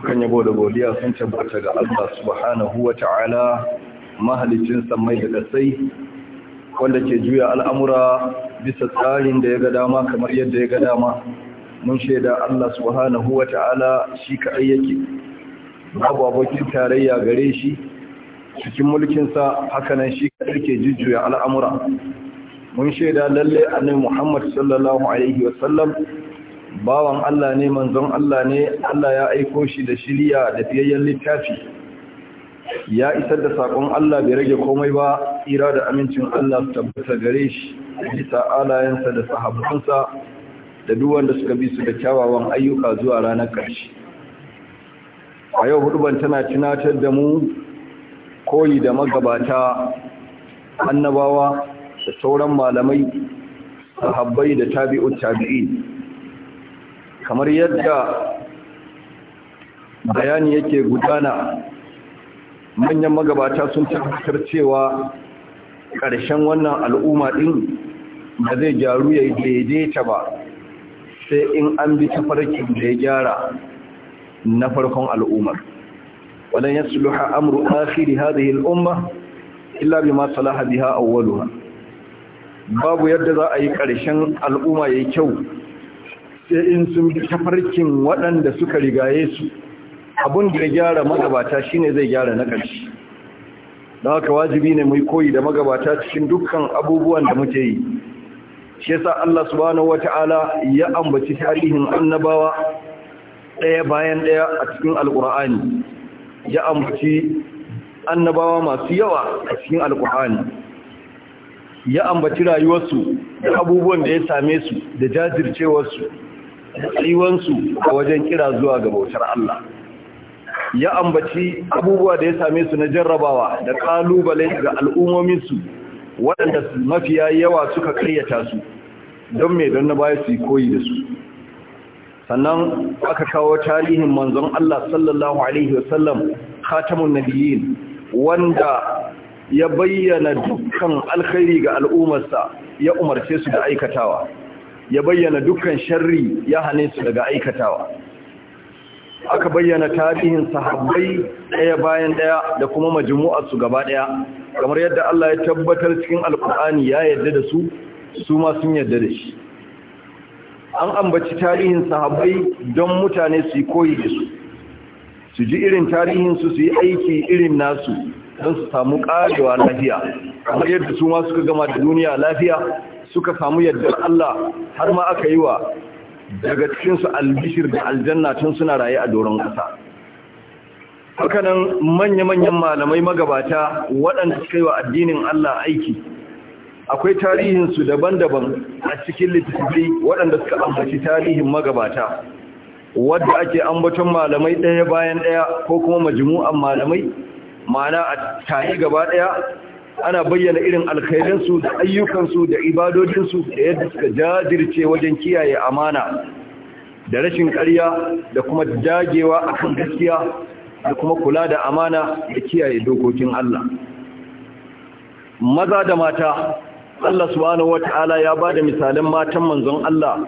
dukkan yabo da godiya sun tabbata ga Allah subhanahu wa ta'ala mahalicin samai da kasai wanda ke juya al'amura bisa tsarin da ya ga dama kamar yadda ya ga dama mun shaida Allah subhanahu wa ta'ala shi ka ayyaki. babu abokin tarayya gare shi cikin mulkinsa hakanan shi ka ke jujjuya al'amura mun shaida lalle annabi Muhammad sallallahu alaihi wa sallam bawan Allah ne manzon Allah ne Allah ya aiko shi da shiriya da fiyayyen littafi ya isar da saƙon Allah bai rage komai ba tsira da amincin Allah su tabbata gare shi bisa alayensa da sahabbansa da duk wanda suka bi su da kyawawan ayyuka zuwa ranar ƙarshe a yau ban tana tunatar da mu koyi da magabata annabawa da sauran malamai sahabbai da tabi'ut tabi'in kamar yadda bayani yake gudana manyan magabata sun tabbatar cewa ƙarshen wannan al'umma ɗin ba zai jaru ya daidaita ba sai in an bi ta da ya gyara na farkon al'ummar wadan ya suluha amru akhiri yin al'umma illa ma salaha a awwaluha babu yadda za a yi ƙarshen al'umma yayi kyau sai in sun bi tafarkin waɗanda suka rigaye su abin da ya gyara magabata shine zai gyara na ƙarshi don haka wajibi ne mai koyi da magabata cikin dukkan abubuwan da muke yi shi yasa Allah subhanahu wata'ala ya ambaci tarihin annabawa ɗaya bayan ɗaya a cikin alƙur'ani ya ambaci annabawa masu yawa a cikin alƙur'ani ya ambaci rayuwarsu da abubuwan da ya same su da jajircewarsu tsayuwansu a wajen kira zuwa ga bautar Allah ya ambaci abubuwa da ya same su na jarrabawa da kalubale ga al'ummominsu waɗanda mafiya yawa suka karyata su don mai don na baya su yi koyi da su sannan aka kawo tarihin manzon Allah sallallahu alaihi wasallam khatamun nabiyyin wanda ya bayyana dukkan alkhairi ga al'ummarsa ya umarce su da aikatawa ya bayyana dukkan sharri ya hane su daga aikatawa aka bayyana tarihin sahabbai ɗaya bayan ɗaya da kuma majmu'ar su gaba ɗaya kamar yadda Allah ya tabbatar cikin alkur'ani ya yarda da su su ma sun yarda da shi an ambaci tarihin sahabbai don mutane su yi koyi da su su ji irin tarihin su su yi aiki irin nasu don su samu ƙarewa lafiya kamar yadda su ma suka gama da duniya lafiya suka samu yardar Allah har ma aka yi wa daga cikinsu albishir da aljanna tun suna raye a doron ƙasa hakanan manya-manyan malamai magabata waɗanda suka yi wa addinin Allah aiki akwai tarihinsu daban-daban a cikin littattafai waɗanda suka ambaci tarihin magabata wadda ake ambaton malamai ɗaya bayan ɗaya ko kuma majmu'an malamai ma'ana a tare gaba ɗaya ana bayyana irin alkhairinsu da ayyukansu da ibadojinsu da yadda suka jajirce wajen kiyaye amana da rashin ƙarya da kuma dagewa akan gaskiya da kuma kula da amana da kiyaye dokokin Allah maza da mata Allah subhanahu wata'ala ya ba da misalan matan manzon Allah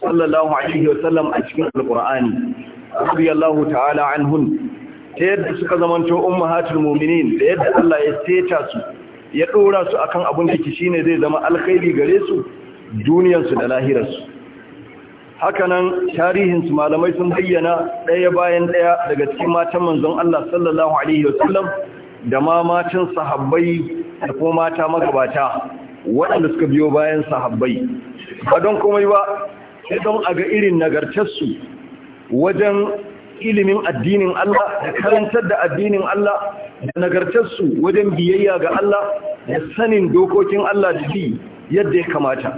sallallahu alaihi wasallam a cikin alqur'ani Allah ta'ala anhun ta yadda suka zamanto ummahatul mu'minin da yadda Allah ya seta su ya ɗora su akan abin da shi ne zai zama alkhairi gare su duniyarsu da lahirarsu hakanan tarihinsu malamai sun bayyana ɗaya bayan ɗaya daga cikin matan manzon Allah sallallahu alaihi wasallam da ma matan sahabbai da kuma mata magabata waɗanda suka biyo bayan sahabbai ba don komai ba sai don a ga irin nagartarsu wajen ilimin addinin Allah da karantar da addinin Allah da nagartarsu wajen biyayya ga Allah da sanin dokokin Allah da bi yadda ya kamata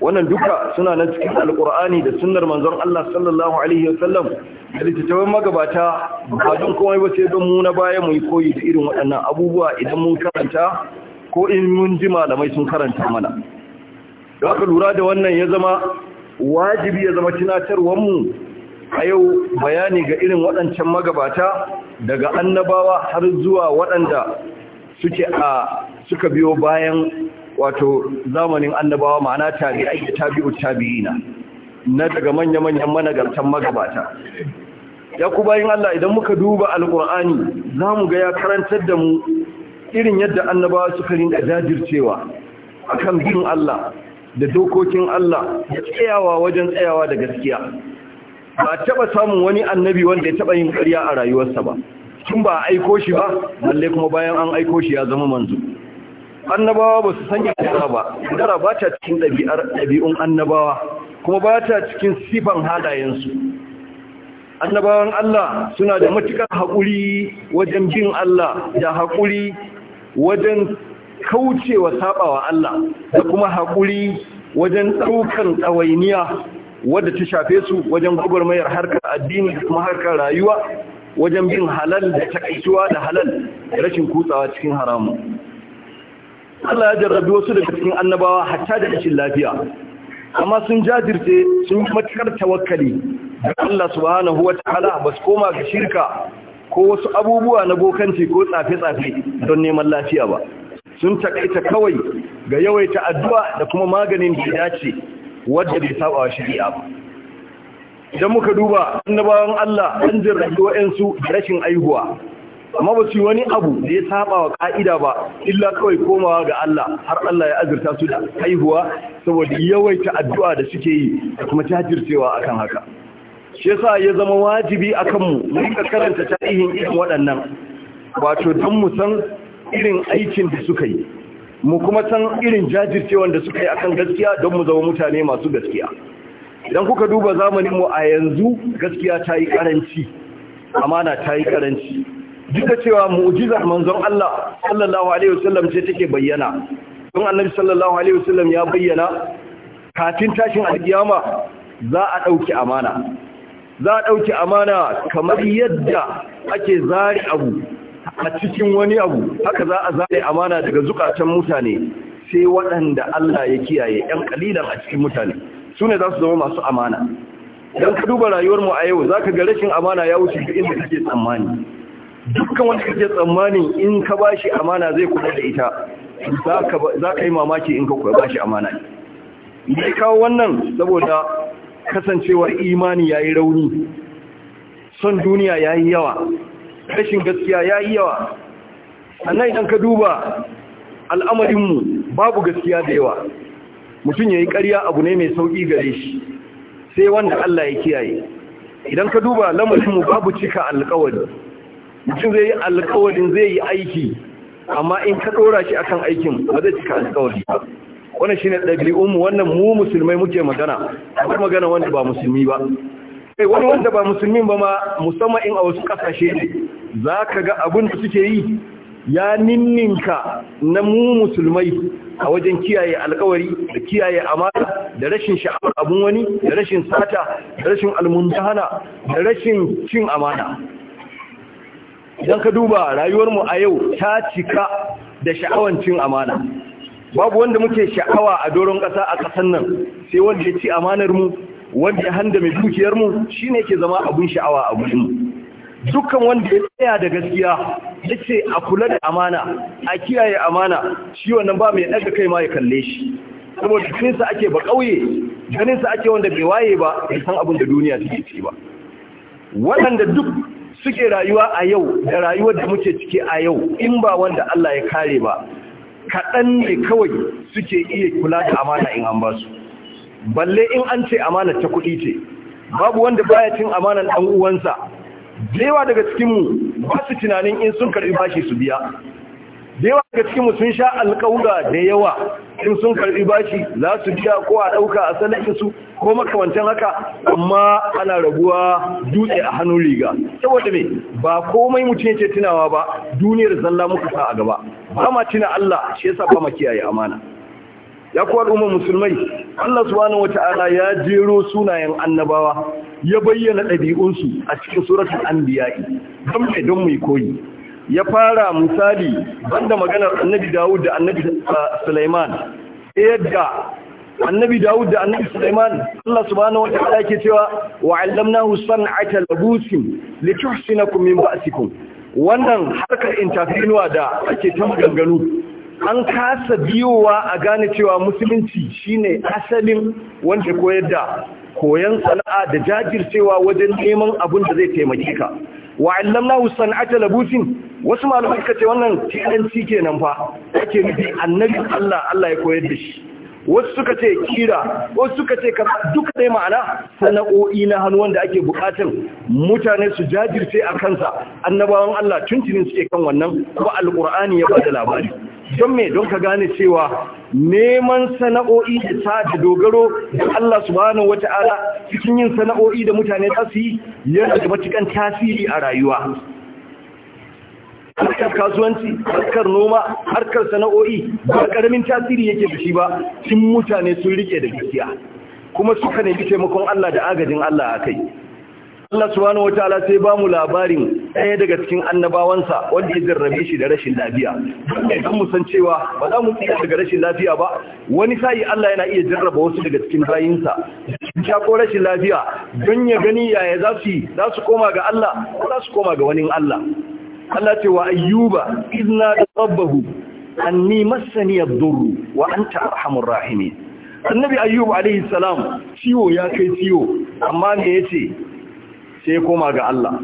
wannan duka suna nan cikin alkur'ani da sunnar manzon Allah sallallahu alaihi wasallam da littattafan magabata ba don komai ba sai don mu na baya mu yi koyi da irin waɗannan abubuwa idan mun karanta ko in mun ji malamai sun karanta mana da ka lura da wannan ya zama wajibi ya zama tunatarwar mu a yau bayani ga irin waɗancan magabata daga annabawa har zuwa waɗanda suke a suka biyo bayan wato zamanin annabawa ma'ana tabi'ai da tabi'ina na daga manya-manyan managartan magabata ya ku bayin Allah idan muka duba alkur'ani za mu ga ya karantar da mu irin yadda annabawa suka da jajircewa kan bin Allah da dokokin Allah da tsayawa wajen tsayawa da gaskiya ba taba samun wani annabi wanda ya taba yin ƙarya a rayuwarsa ba tun ba aiko shi ba lalle kuma bayan an aiko shi ya zama manzo annabawa ba su sanya kira ba dara ba ta cikin ɗabi'ar ɗabi'un annabawa kuma ba ta cikin sifan halayensu annabawan Allah suna da matukar haƙuri wajen bin Allah da haƙuri wajen kaucewa saɓawa Allah da kuma haƙuri wajen ɗaukan ɗawainiya wadda ta shafe su wajen gwagwarmayar harkar addini da kuma harkar rayuwa wajen bin halal da takaituwa da halal da rashin kutsawa cikin haramu Allah ya jarrabi wasu daga cikin annabawa hatta da rashin lafiya amma sun jajirce sun yi matakar tawakkali da Allah subhanahu wata'ala ba su koma ga shirka ko wasu abubuwa na bokanci ko tsafe-tsafe don neman lafiya ba sun takaita kawai ga yawaita addu'a da kuma maganin da ya dace wadda bai saba shari'a ba idan muka duba annabawan Allah an jirage da rashin aihuwa amma ba su wani abu da ya saba wa ka'ida ba illa kawai komawa ga Allah har Allah ya azurta su da haihuwa saboda yawaita addu'a da suke yi da kuma a akan haka shi yasa ya zama wajibi akan mu mu rika karanta tarihin irin waɗannan wato don mu san irin aikin da suka yi mu kuma san irin jajircewan da suka yi akan gaskiya don mu zama mutane masu gaskiya idan kuka duba zamanin mu a yanzu gaskiya ta yi karanci amana ta yi karanci duk da cewa mu'jizar manzon Allah sallallahu alaihi wasallam ce take bayyana don annabi sallallahu alaihi wasallam ya bayyana kafin tashin alkiyama za a dauki amana za a dauki amana kamar yadda ake zari abu a cikin wani abu haka za a zare amana daga zukatan mutane sai waɗanda Allah ya kiyaye ɗan ƙalilan a cikin mutane su ne za su zama masu amana don ka duba rayuwarmu a yau za ka ga rashin amana ya wuce duk inda kake tsammani dukkan wanda kake tsammanin in ka ba shi amana zai kula da ita za ka yi mamaki in ka kula ba shi amana ne kawo wannan saboda kasancewar imani ya yi rauni son duniya ya yi yawa rashin gaskiya ya yi yawa A nan idan ka duba al'amarinmu babu gaskiya da yawa mutum ya yi ƙarya abu ne mai sauƙi gare shi sai wanda Allah ya kiyaye idan ka duba lamarinmu babu cika alƙawari mutum zai yi alƙawarin zai yi aiki amma in ka ɗora shi akan aikin ba zai cika alƙawari ba wannan shine ɗabi'unmu wannan mu musulmai muke magana akwai magana wanda ba musulmi ba eh, wani wanda ba musulmin ba ma musamman in a wasu ƙasashe ne za ka ga abin da suke yi ya ninninka na mu musulmai a wajen kiyaye alkawari da kiyaye amana da rashin sha'awar abin wani da rashin sata da rashin almundahana da rashin cin amana idan ka duba rayuwarmu a yau ta cika da sha'awar cin amana babu wanda muke sha'awa a doron ƙasa a ƙasan nan sai wanda ya ci amanar mu wanda ya handa mai dukiyar mu shine yake zama abun sha'awa a gurin dukkan wanda ya tsaya da gaskiya ya ce a kula da amana a kiyaye amana shi wannan ba mai ɗaga kai ma ya kalle shi saboda ganinsa ake ba ƙauye ganinsa ake wanda bai waye ba ya san abin da duniya take ci ba waɗanda duk suke rayuwa a yau da rayuwar da muke ciki a yau in ba wanda Allah ya kare ba kaɗan ne kawai suke iya kula da amana in an ba su balle in an ce amana ta kuɗi ce babu wanda baya cin amanan ɗan uwansa Dewa daga cikinmu ba su tunanin in sun karɓi bashi su biya Dewa daga cikinmu sun sha alƙawura da yawa in sun karɓi bashi za su biya ko a ɗauka a sanadin su ko makamantan haka amma ana rabuwa dutse a hannun riga saboda me ba komai mutum yake tunawa ba duniyar zalla muka sa a gaba ba ma tuna Allah shi yasa ba ma kiyaye amana ya kuwa al'ummar musulmai Allah subhanahu wata'ala ya jero sunayen annabawa ya bayyana ɗabi'unsu a cikin suratul anbiya'i don mai don mai koyi ya fara misali banda maganar annabi Dawud da annabi ah, Sulaiman yadda annabi Dawud da annabi Sulaiman Allah subhanahu wataala yake cewa wa 'allamnahu san'ata labusin lituhsinakum min ba'sikum wannan harkar intafinuwa da ake ta maganganu an kasa biyowa a gane cewa musulunci shine asalin wanda koyar da Koyon sana'a da jajircewa wajen neman abin da zai taimake ka wa allamnahu san'ata labusin wasu malamai suka ce wannan ke kenan fa ake nufi annabi Allah Allah ya koyar da shi wasu suka ce kira wasu suka ce duka dai ma'ana sana'o'i na hannu wanda ake bukatun mutane su jajirce a kansa annabawan Allah tuntunin suke kan wannan kuma alkur'ani ya bada labari don me don ka gane cewa neman sana'o'i da ta da dogaro da Allah subhanahu wata'ala cikin yin sana'o'i da mutane za su yi yana da matukan tasiri a rayuwa harkar kasuwanci harkar noma harkar sana'o'i ba karamin tasiri yake da shi ba sun mutane sun rike da gaskiya kuma suka nemi taimakon Allah da agajin Allah a kai Allah subhanahu wataala sai ba mu labarin ɗaya daga cikin annabawansa wanda ya jarrabe shi da rashin lafiya don mu san cewa ba za mu tsira daga rashin lafiya ba wani sa'i Allah yana iya jarraba wasu daga cikin bayinsa sha ko rashin lafiya don ya gani yaya za su za su koma ga Allah ko za su koma ga wani Allah Allah ce wa ayyuba izna da an ni masani ad-durr wa ta arhamun rahimi annabi ayyuba alaihi salam ciwo ya kai ciwo amma me ce sai koma ga Allah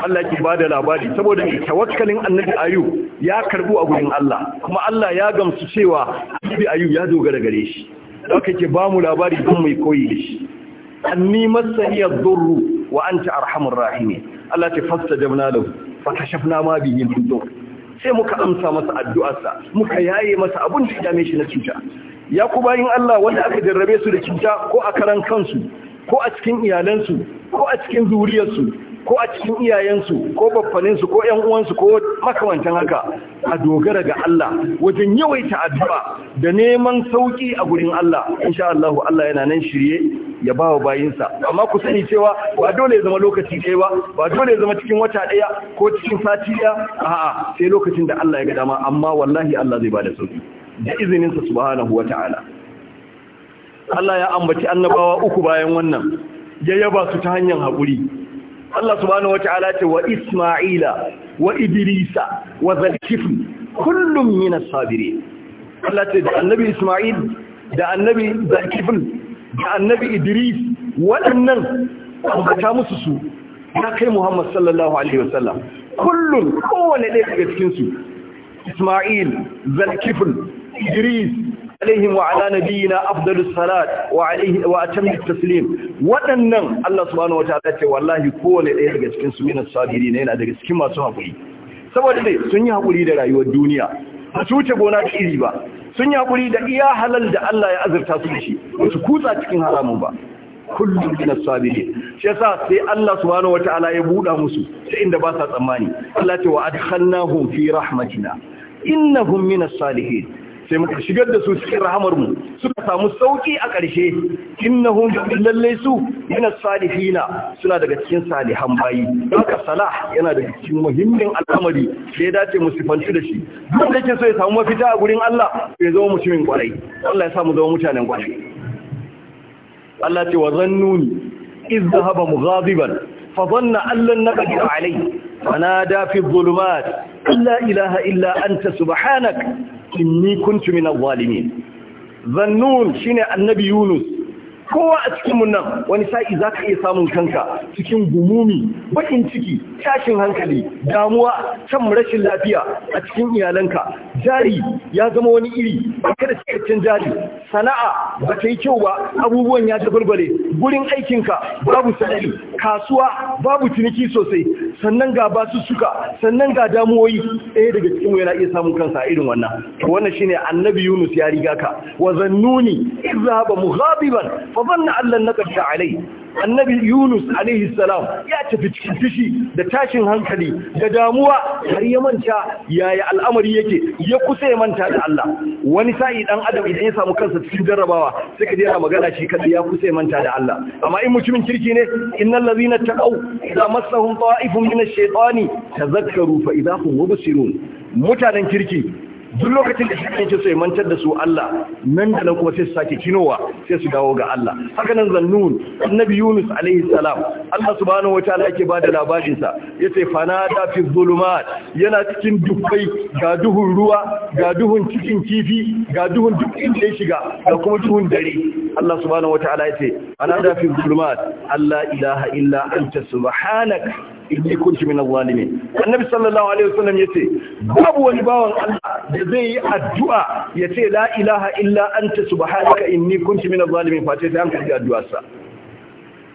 Allah ke ba da labari saboda tawakkalin annabi ayu ya karbu a gurin Allah kuma Allah ya gamsu cewa annabi ayu ya dogara gare shi haka ke ba mu labari don mai koyi da shi anni masaniyar dhurru wa anta arhamur rahimi Allah ta fastajabna da fa kashafna ma bihi min dhurr sai muka amsa masa addu'arsa muka yaye masa abun da dame shi na cuta ya ku bayin Allah wanda aka jarrabe su da cuta ko a karan kansu ko a cikin iyalansu ko a cikin zuriyarsu ko a cikin iyayensu ko baffaninsu ko ‘yan uwansu ko makamantan haka a dogara ga Allah wajen yawaita addu'a da neman sauƙi a gurin Allah insha Allah Allah yana nan shirye ya ba wa bayinsa amma ku sani cewa ba dole ya zama lokaci ɗaya ba ba dole ya zama cikin wata ɗaya ko cikin sati ɗaya a'a sai lokacin da Allah ya ga dama amma wallahi Allah zai ba da da izininsa subhanahu wa ta'ala Allah ya ambaci annabawa uku bayan wannan ya yaba su ta hanyar haƙuri Allah subhanahu wataala ce wa Isma'ila wa Idrisa wa Zulkifl kullum min as-sabirin Allah ce da Annabi Isma'il da Annabi Zulkifl da Annabi Idris waɗannan ambata musu su na kai Muhammad sallallahu alaihi wasallam kullum kowane ɗaya daga cikin su Isma'il Zulkifl Idris alaihim wa ala nabiyina afdalus salat wa alaihi wa atammu taslim waɗannan Allah subhanahu wataala ce wallahi kowane daya daga cikin su sabirin yana daga cikin masu hakuri saboda dai sun yi hakuri da rayuwar duniya ba su wuce gona da iri ba sun yi hakuri da iya halal da Allah ya azurta su da shi ba su kutsa cikin haramun ba kullum na as shi yasa sai Allah subhanahu wataala ya buɗa musu sai inda ba sa tsammani Allah ce wa adkhalnahum fi rahmatina innahum min salihin sai muka shigar da su cikin rahamar mu suka samu sauki a ƙarshe innahum lallai su yana salihina suna daga cikin salihan bayi haka salah yana daga cikin muhimmin al'amari da ya dace mu sifantu da shi duk da yake so ya samu mafita a gurin Allah ya zama mutumin kwarai Allah ya sa mu zama mutanen kwarai Allah ce wa zannuni iz zahaba mughadiban fa dhanna an lan naqdir alayhi fanada fi dhulumat la ilaha illa anta subhanaka inni kuntu min al-zalimin zannun shine annabi yunus kowa a cikin mun nan wani sa'i zaka iya samun kanka cikin gumumi bakin ciki tashin hankali damuwa can rashin lafiya a cikin iyalanka jari ya zama wani iri baka da cikakken jari sana'a ba ta yi kyau ba abubuwan ya tabarbare gurin aikinka babu sanari kasuwa babu ciniki sosai sannan ga basu suka sannan ga damuwoyi ɗaya daga cikin yana iya samun kansa irin wannan to wannan shine annabi Yunus ya riga ka wa zannuni idh zahaba mughadiban fa dhanna an lan alai annabi yunus alaihi salam ya tafi cikin fishi da tashin hankali da damuwa har ya manta yaya al'amari yake ya kusa ya manta da Allah wani sa'i dan adam idan ya samu kansa cikin jarrabawa sai ka yana magana shi kada ya kusa manta da Allah amma in mutumin kirki ne innal ladhina taqaw idza massahum ta'ifun min ash-shaytani tadhakkaru fa idza hum mubsirun mutanen kirki duk lokacin da shi ce sai mantar da su Allah nan da nan kuma sai su sake kinowa sai su dawo ga Allah haka nan zannun annabi Yunus alaihi salam Allah subhanahu wataala yake ba da labarin sa yace da fi zulumat yana cikin dubbai ga duhun ruwa ga duhun cikin kifi ga duhun duk inda ya shiga ga kuma duhun dare Allah subhanahu wataala yace da fi zulumat Allah ilaha illa anta subhanaka inni kunti min zalimin annabi sallallahu alaihi wasallam yace babu wani bawan Allah da zai yi addu'a yace la ilaha illa anta subhanaka inni kunti min zalimin fa sai an karbi sa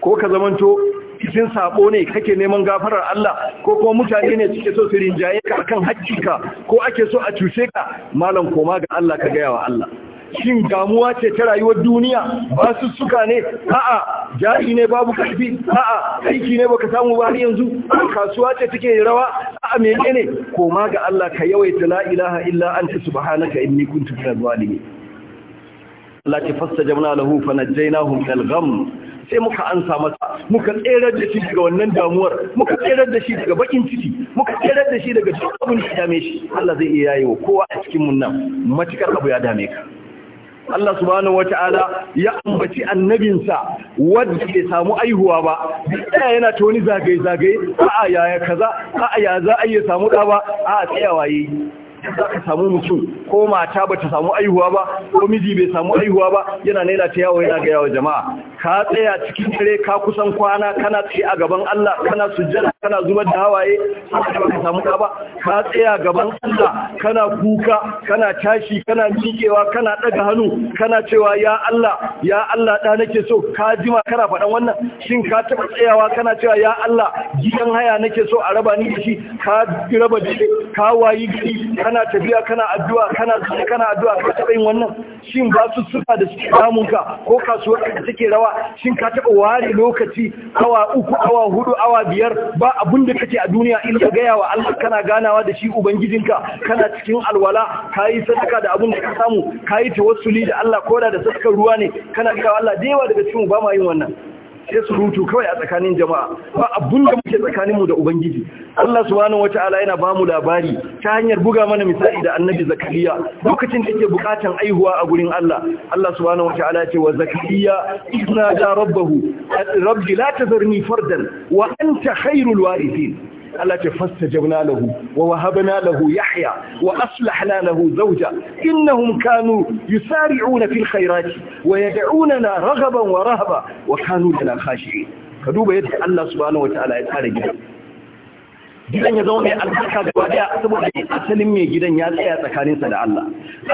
ko ka zamanto cikin sabo ne kake neman gafarar Allah ko kuma mutane ne suke so su rinjaye ka akan ka, ko ake so a cuce ka malam koma ga Allah ka gaya wa Allah shin damuwa ce ta rayuwar duniya ba su suka ne a'a jari ne babu karfi a'a aiki ne baka samu ba har yanzu kasuwa ce take rawa a'a menene koma ga Allah ka yawaita la ilaha illa anta subhanaka inni kuntu minaz zalimin Allah ta fastajabna lahu fanajjaynahu minal gham sai muka ansa masa muka tserar da shi daga wannan damuwar muka tserar da shi daga bakin ciki muka tserar da shi daga duk abin da ya dame shi Allah zai iya yayewa kowa a cikin mun nan matukar abu ya dame ka Allah subhanahu wata'ala ya ambaci annabinsa wanda bai samu aihuwa ba tsaya yana ta wani zagaye-zagaye a'a ya kaza a ya za a iya samu ɗa ba a'a tsayawa yi za ka samu mutum ko mata ba ta samu aihuwa ba ko miji bai samu aihuwa ba yana naila ta yawo yana gaya wa jama'a ka tsaya cikin dare ka kusan kwana kana tsaye a gaban Allah kana sujjada kana zubar da hawaye haka ba ka samu ka ba ka tsaya gaban Allah kana kuka kana tashi kana miƙewa kana ɗaga hannu kana cewa ya Allah ya Allah ɗa nake so ka jima kana faɗan wannan shin ka taɓa tsayawa kana cewa ya Allah gidan haya nake so a raba ni da shi ka raba shi ka wayi gari kana tafiya kana addu'a kana kana addu'a ka taɓa yin wannan shin ba su suka da suke damun ka ko kasuwar da take rawa shin ka taba ware lokaci awa uku awa hudu awa biyar ba abin da kake a duniya in ka gaya wa Allah kana ganawa da shi ubangijinka kana cikin alwala yi sadaka da abin da ka samu kayi tawassuli da Allah koda da sadakar ruwa ne kana cewa Allah da yawa daga cikin ba ma yin wannan sai surutu kawai a tsakanin jama'a ba abun da muke mu da ubangiji Allah subhanahu wataala yana bamu labari ta hanyar buga mana misali da annabi zakariya lokacin da yake bukatan aihuwa a gurin Allah Allah subhanahu wataala ya ce wa zakariya isna da rabbahu rabbi la tazarni fardan wa anta khairul warithin التي فاستجبنا له ووهبنا له يحيى وأصلحنا له زوجا إنهم كانوا يسارعون في الخيرات ويدعوننا رغبا ورهبا وكانوا لنا خاشعين فدوب يدعي الله سبحانه وتعالى يتعالى gidan ya zama mai albarka gaba daya saboda asalin mai gidan ya tsaya tsakanin sa da Allah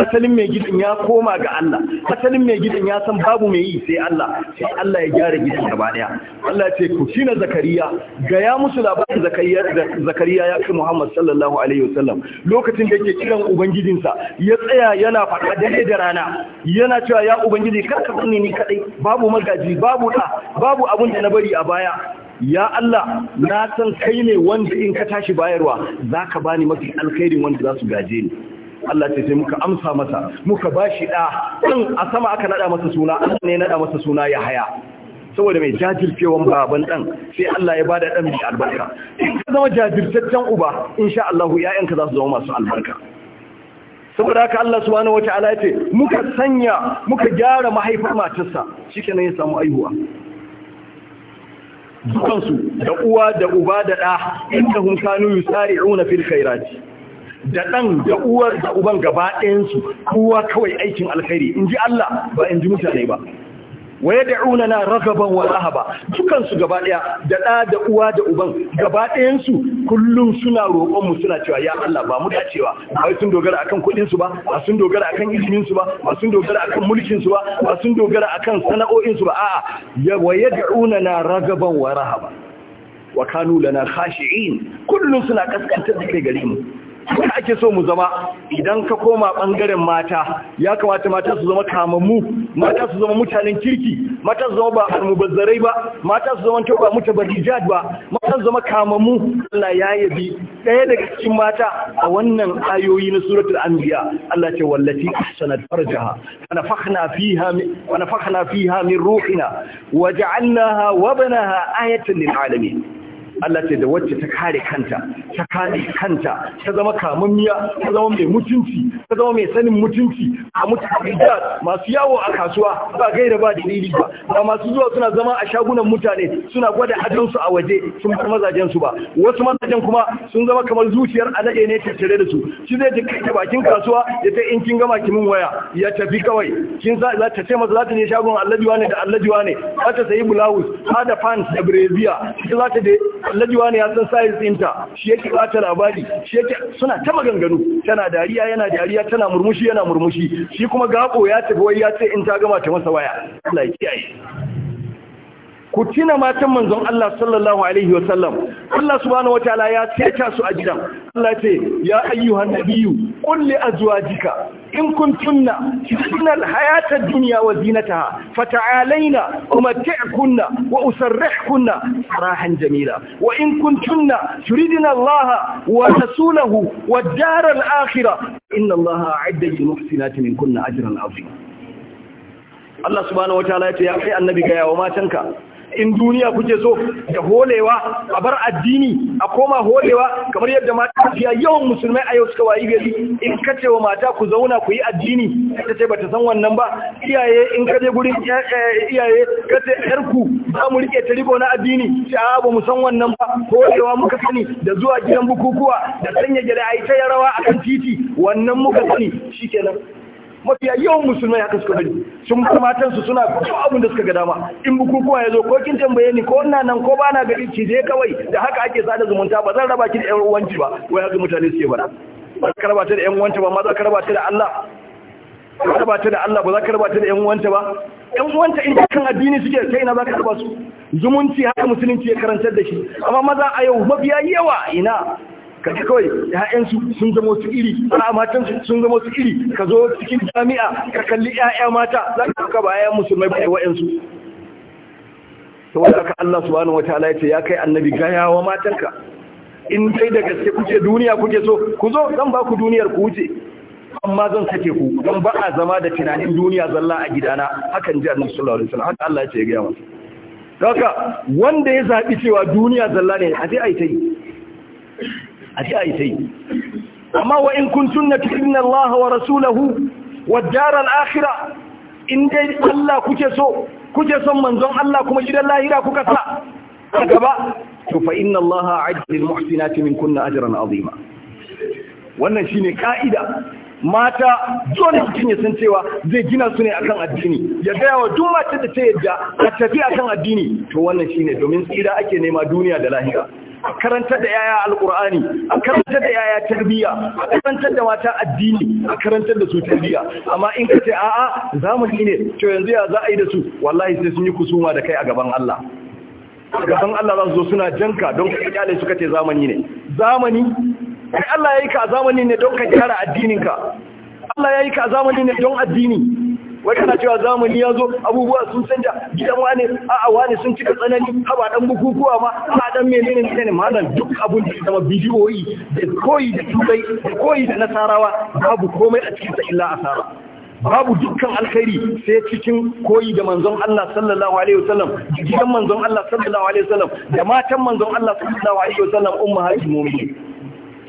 asalin mai gidan ya koma ga Allah asalin mai gidan ya san babu mai yi sai Allah sai Allah ya gyara gidan gaba daya Allah ya ce ku shine zakariya ga ya musu labarin zakariya zakariya ya kai Muhammad sallallahu alaihi wasallam lokacin da yake kiran ubangijinsa ya tsaya yana faɗa dare da rana yana cewa ya ubangiji kar ka sani ni kadai babu magaji babu da babu abun da na bari a baya ya Allah na san kai ne wanda in ka tashi bayarwa za ka bani mafi alkhairin wanda za su gaje ni Allah ce sai muka amsa masa muka bashi da ɗan a sama aka nada masa suna Allah ne nada masa suna ya haya saboda mai jajircewan baban ɗan sai Allah ya bada ɗan mai albarka in ka zama jajirtaccen uba insha Allah ƴaƴanka za su zama masu albarka saboda haka Allah subhanahu wataala ya ce muka sanya muka gyara mahaifar matarsa shikenan ya samu aihuwa dukansu da uwa da uba da ɗa inda hun kanu yusari'una auna filkairaci, da ɗan da uwar da uban gaba ɗayansu kowa kawai aikin alkhairi in ji Allah ba in ji mutane ba wa na ragaban wa rahaba dukan su gaba daya da da da uwa da uban gaba dayan su kullum suna roƙon mu suna cewa ya Allah ba mu cewa ba sun dogara akan kudin su ba ba sun dogara akan ilimin su ba ba sun dogara akan mulkin su ba ba sun dogara akan sana'o'in su ba a'a wa na ragaban wa rahaba wa kanu lana khashi'in kullum suna kaskantar da kai gare mu haka ake so mu zama idan ka koma bangaren mata ya kamata mata su zama kamammu mata su zama mutanen kirki mata su zama ba almubazzarai ba mata su zama ba mutabarrijat ba mata su zama kamammu Allah ya yabi ɗaya daga cikin mata a wannan ayoyi na suratul anbiya Allah ce wallati ahsanat farjaha wa nafakhna fiha wa nafakhna fiha min ruhina waja'alnaha wa ayatan lil alamin Allah ce da wacce ta kare kanta ta kare kanta ta zama kamammiya ta zama mai mutunci ta zama mai sanin mutunci a mutane da masu yawo a kasuwa ba gaira ba da dalili ba ba masu zuwa suna zama a shagunan mutane suna gwada adonsu a waje sun bar mazajen su ba wasu mazajen kuma sun zama kamar zuciyar alade ne tattare da su shi zai ji kai bakin kasuwa ya ta in kin gama kimin waya ya tafi kawai kin za ta ce masa za ta je shagon Allah ne da Allah ne za ta sayi blouse ha da pants da brazier za ta je alhaji wani ya san sayis ɗinta shi yake bata labari shi yake suna ta maganganu tana dariya yana dariya tana murmushi yana murmushi shi kuma gabo ya tafi wai ya ce in ta gama ta masa waya Allah ya kiyaye ku tina matan manzon Allah sallallahu alaihi wa sallam Allah subhanahu wataala ya tsaya su a gidan Allah ce ya ayyuhan nabiyyu qul li azwajika in kuntunna tunna alhayata ad-dunya wa zinataha fata'alaina umatti'kunna wa usarrihkunna sarahan jamila wa in kuntunna turidina Allah wa rasulahu ad dar al-akhirah inna Allah a'adda lil muhsinati minkunna ajran 'azima Allah subhanahu wataala ya ce ya kai annabi ga yawo matanka in duniya kuke so da holewa a bar addini a koma holewa kamar yadda mata yawan musulmai a yau suka wayi gari in kace wa mata ku zauna ku yi addini ta ce bata san wannan ba iyaye in ka je gurin eh, eh, iyaye kace yar ku za mu rike ta riko na addini ce a ba mu san wannan ba holewa muka sani da zuwa gidan bukukuwa da sanya gida a yi ta yarawa kan titi wannan muka sani shikenan mafiya yawan musulmai haka suka bari sun matansu suna duk abin da suka ga dama in bukukuwa ya zo ko kin tambaye ni ko ina nan ko ba na gari ci je kawai da haka ake sada zumunta ba zan raba ki da 'yan uwanci ba wai haka mutane suke bara ba ka raba ta da 'yan uwanci ba ma za ka raba ta da Allah ba ka raba ta da Allah ba za ka raba ta da 'yan uwanta ba ƴan uwanta in kan addini suke kai na za ka raba su zumunci haka musulunci ya karantar da shi amma maza a yau mafiya yawa ina kaji kawai 'ya'yansu sun zama su iri ana matansu sun zama su iri ka zo cikin jami'a ka kalli 'ya'ya mata za ka ka ba ƴaƴan musulmai ba wa'ansu saboda ka Allah subhanahu wataala wata ce ya kai annabi gaya wa matanka in dai da gaske kuke duniya kuke so ku zo zan ba ku duniyar ku wuce amma zan sake ku don ba a zama da tunanin duniya zalla a gidana hakan ji annabi sallallahu alaihi wasallam haka Allah ya ce ya gaya masa haka wanda ya zabi cewa duniya zalla ne a dai ai tai a ji a yi ta yi amma wa in kuntum na tuhin Allah wa rasulahu wa daral akhira in dai Allah kuke so kuke son manzon Allah kuma gidan lahira kuka sa a gaba Tufa inna Allah a'adda lil muhsinati minkunna ajran azima wannan shine ka'ida mata dole mutum ya san cewa zai gina su ne akan addini ya gaya wa duk mace da ta yadda a tafi akan addini to wannan shine domin tsira ake nema duniya da lahira a karantar da yaya alkur'ani a karantar da yaya tarbiyya a karantar da mata addini a karantar da su tarbiyya amma in ka ce a'a zamani ne to yanzu ya za a yi da su wallahi sai sun yi kusuma da kai a gaban Allah gaban Allah za su zo suna janka don ka kyale suka ce zamani ne zamani Allah ya yi ka zamani ne don ka gyara addininka Allah ya yi ka zamani ne don addini wani cewa zamani ya zo abubuwa sun canja gidan wane a'a wane sun cika tsanani haba dan bukukuwa ma a dan menene ne ne malam duk abun da zama bidiyoyi da koyi da tubai da koyi da nasarawa babu komai a cikin sa illa asara babu dukkan alkhairi sai cikin koyi da manzon Allah sallallahu alaihi wasallam gidan manzon Allah sallallahu alaihi wasallam da matan manzon Allah sallallahu alaihi wasallam ummahatul mu'minin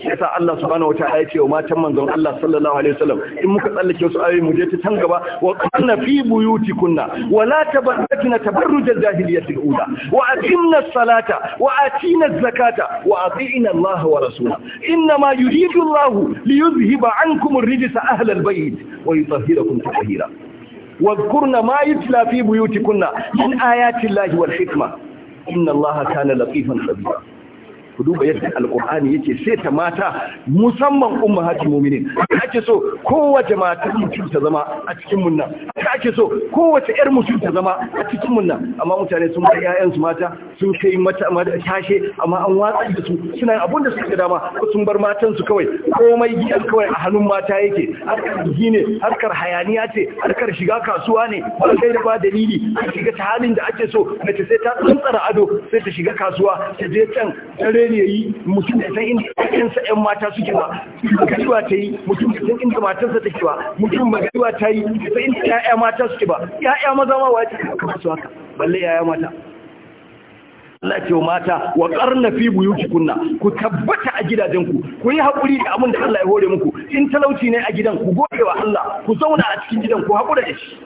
yasa Allah subhanahu wataala ya ce wa matan manzon Allah sallallahu alaihi wasallam in muka tsallake su ayoyi mu je ta can gaba wa qanna fi buyutikunna wa la tabarrajna tabarruj al-jahiliyyati al-ula wa aqimna as-salata wa atina az-zakata wa ati'na Allah wa rasulahu inma yuridu Allah li yuzhiba ankum ar-rijsa ahla al-bayt wa yutahhirakum tatheera واذكرن ما يتلى في بيوتكن من آيات الله والحكمة إن الله كان لطيفا خبيرا ku duba yadda alƙur'ani yake sai ta mata musamman Umma ummahatul mu'minin ake so kowace mata mutum ta zama a cikin munna. Ta ake so kowace yar mutum ta zama a cikin munna. amma mutane sun kai 'ya'yansu mata sun kai mata tashe amma an watsa da su suna abun da suke dama Ko sun bar matan su kawai komai gidan kawai a hannun mata yake harkar biki ne harkar hayaniya ce harkar shiga kasuwa ne ba kai da ba dalili a shiga ta halin da ake so mace sai ta tsantsara ado sai ta shiga kasuwa ta je can dare ne ya yi mutum da san inda ƴaƴansa ƴan mata suke ba magariba ta yi mutum da san inda matarsa take ba mutum magariba ta yi da san inda ƴaƴa mata suke ba ƴaƴa maza ma wace kamar su haka balle ƴaƴa mata Allah ya ce wa mata wa karna fi kunna ku tabbata a gidajenku ku yi hakuri da abin da Allah ya hore muku in talauci ne a gidan ku gode wa Allah ku zauna a cikin gidan ku hakura da shi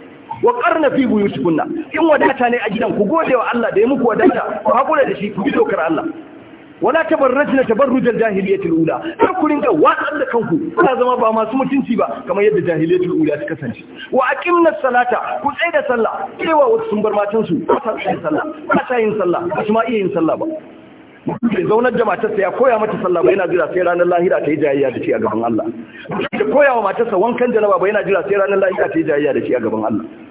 wa karna fi kunna in wadata ne a gidan ku gode wa Allah da ya muku wadata ku hakura da shi ku bi dokar Allah wala tabarrajna tabarrujal jahiliyatul ula kar ku rinka watsar da kanku kuna zama ba masu mutunci ba kamar yadda jahiliyatul ula ta kasance wa aqimna salata ku tsaya da sallah cewa wasu sun bar matan su ba ta yin sallah ba ta yin sallah ba su ma iya yin sallah ba ke zaunar da matarsa ya koya mata sallah ba yana jira sai ranar lahira ta yi jayayya da shi a gaban Allah da koya wa matarsa wankan janaba ba yana jira sai ranar lahira ta yi jayayya da shi a gaban Allah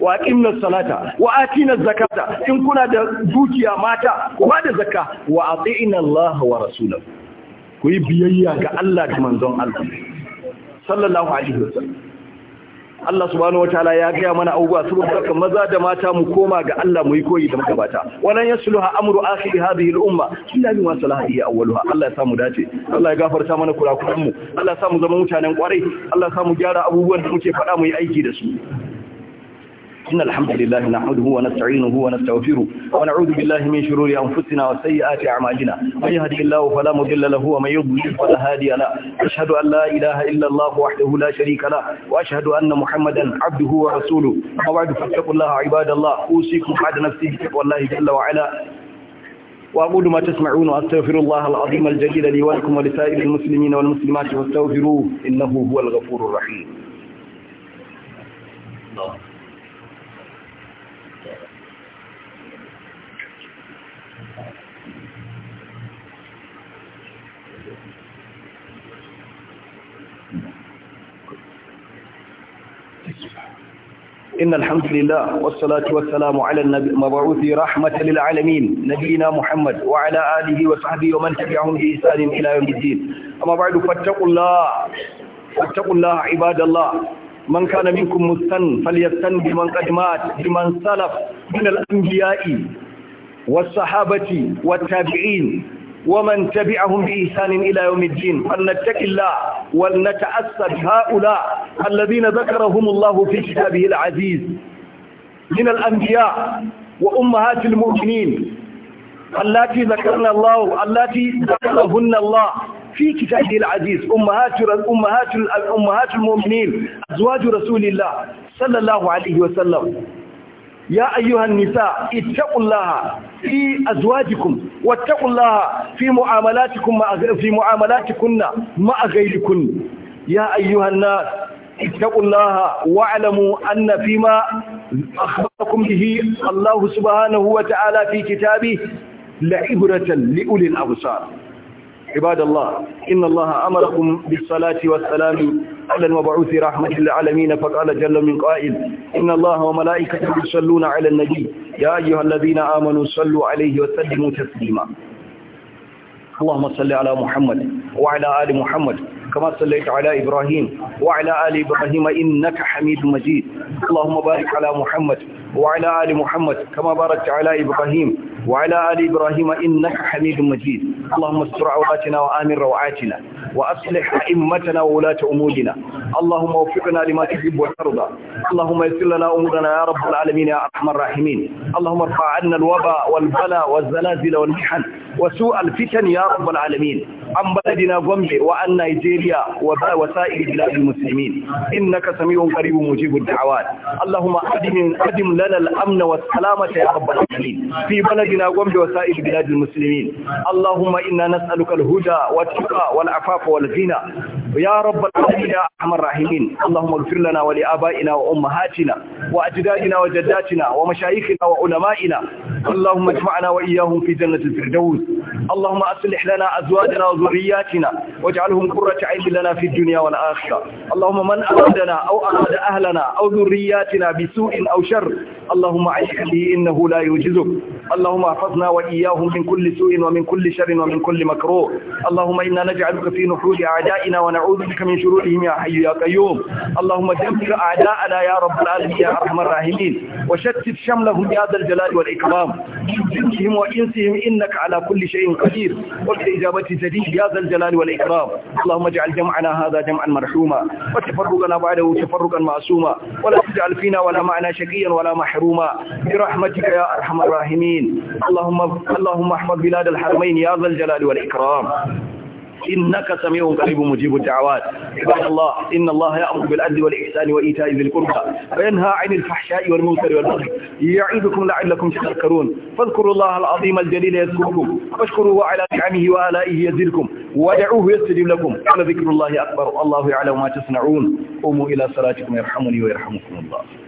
wa aqimna salata wa atina zakata in kuna da dukiya mata kuma da zakka wa atina Allah wa rasulahu ku yi biyayya ga Allah da manzon Allah sallallahu alaihi wasallam Allah subhanahu wataala ya gaya mana abubuwa saboda maza da mata mu koma ga Allah mu yi koyi da magabata wannan yasluha amru akhir hadhihi al-umma illa bi maslahati hi Allah ya samu dace Allah ya gafarta mana kurakuran mu Allah ya samu zama mutanen kwarai Allah ya samu gyara abubuwan da muke faɗa mu yi aiki da su إن الحمد لله نحمده ونستعينه ونستغفره ونعوذ بالله من شرور أنفسنا وسيئات أعمالنا من يهدي الله فلا مضل له ومن يضلل فلا هادي له أشهد أن لا إله إلا الله وحده لا شريك له وأشهد أن محمدا عبده ورسوله بعد فاتقوا الله عباد الله أوصيكم بعد نفسي بتقوى الله جل وعلا وأقول ما تسمعون وأستغفر الله العظيم الجليل لي ولكم ولسائر المسلمين والمسلمات واستغفروه إنه هو الغفور الرحيم. الله إن الحمد لله والصلاة والسلام على النبي مبعوث رحمة للعالمين نبينا محمد وعلى آله وصحبه ومن تبعهم بإحسان إلى يوم الدين أما بعد فاتقوا الله فاتقوا الله عباد الله من كان منكم مستن فليستن بمن قد مات بمن سلف من الأنبياء والصحابة والتابعين ومن تبعهم بإحسان إلى يوم الدين فلنتق الله ولنتأسى بهؤلاء الذين ذكرهم الله في كتابه العزيز من الأنبياء وأمهات المؤمنين اللاتي ذكرنا الله اللاتي ذكرهن الله في كتابه العزيز أمهات أمهات أمهات المؤمنين أزواج رسول الله صلى الله عليه وسلم يا أيها النساء اتقوا الله في أزواجكم واتقوا الله في معاملاتكم مع في معاملاتكن مع غيركن يا أيها الناس اتقوا الله واعلموا أن فيما أخبركم به الله سبحانه وتعالى في كتابه لعبرة لأولي الأبصار عباد الله إن الله أمركم بالصلاة والسلام على المبعوث رحمة للعالمين فقال جل من قائل إن الله وملائكته يصلون على النبي يا أيها الذين آمنوا صلوا عليه وسلموا تسليما اللهم صل على محمد وعلى آل محمد كما صليت على إبراهيم وعلى آل إبراهيم إنك حميد مجيد اللهم بارك على محمد وعلى آل محمد كما باركت على إبراهيم وعلى آل إبراهيم إنك حميد مجيد اللهم استر عوراتنا وآمن روعاتنا وأصلح أئمتنا وولاة أمورنا اللهم وفقنا لما تحب وترضى اللهم يسر لنا أمورنا يا رب العالمين يا أرحم الراحمين اللهم ارفع عنا الوباء والبلاء والزلازل والمحن وسوء الفتن يا رب العالمين an baladina gombe wa an nigeria wa ba wa sa'ir bilad muslimin innaka samiu qaribu mujibu da'awat allahumma adimin adim lana al-amn wa as-salamata ya rabbal alamin fi baladina gombe wa sa'ir bilad muslimin allahumma inna nas'aluka al-huda wa taqa wal afafa wal ghina ya rabbal alamin ya ahmar rahimin a ighfir lana wa li abaina wa ummahatina wa ajdadina wa jaddatina wa mashayikhina wa ulama'ina allahumma ijma'na wa iyyahum fi jannatil firdaws allahumma aslih lana azwajana ذرياتنا واجعلهم قرة عين لنا في الدنيا والآخرة اللهم من أرادنا أو أراد أهلنا أو ذرياتنا بسوء أو شر اللهم عليك به إنه لا يوجزك اللهم احفظنا وإياهم من كل سوء ومن كل شر ومن كل مكروه اللهم إنا نجعلك في نحور أعدائنا ونعوذ بك من شرورهم يا حي يا قيوم اللهم دمر أعداءنا يا رب العالمين يا أرحم الراحمين وشتت شملهم يا ذا الجلال والإكرام من جنسهم وإنسهم إنك على كل شيء قدير وبالإجابة جديد ya zal jalali wal ikram allahumma ij'al jam'ana hadha jam'an marhuma wa tafarruqana ba'dahu tafarruqan ma'suma wa la tij'al fina wa la ma'ana shaqiyan wa la mahruma bi rahmatika ya arhamar rahimin allahumma allahumma ihfaz bilad al ya zal jalali wal ikram إنك سميع قريب مجيب الدعوات عباد الله إن الله يأمر بالعدل والإحسان وإيتاء ذي القربى وينهى عن الفحشاء والمنكر والبغي يعيدكم لعلكم تذكرون فاذكروا الله العظيم الجليل يذكركم واشكروه على نعمه وآلائه يزدكم ودعوه يستجيب لكم ولذكر الله أكبر الله يعلم ما تصنعون قوموا إلى صلاتكم يرحمني ويرحمكم الله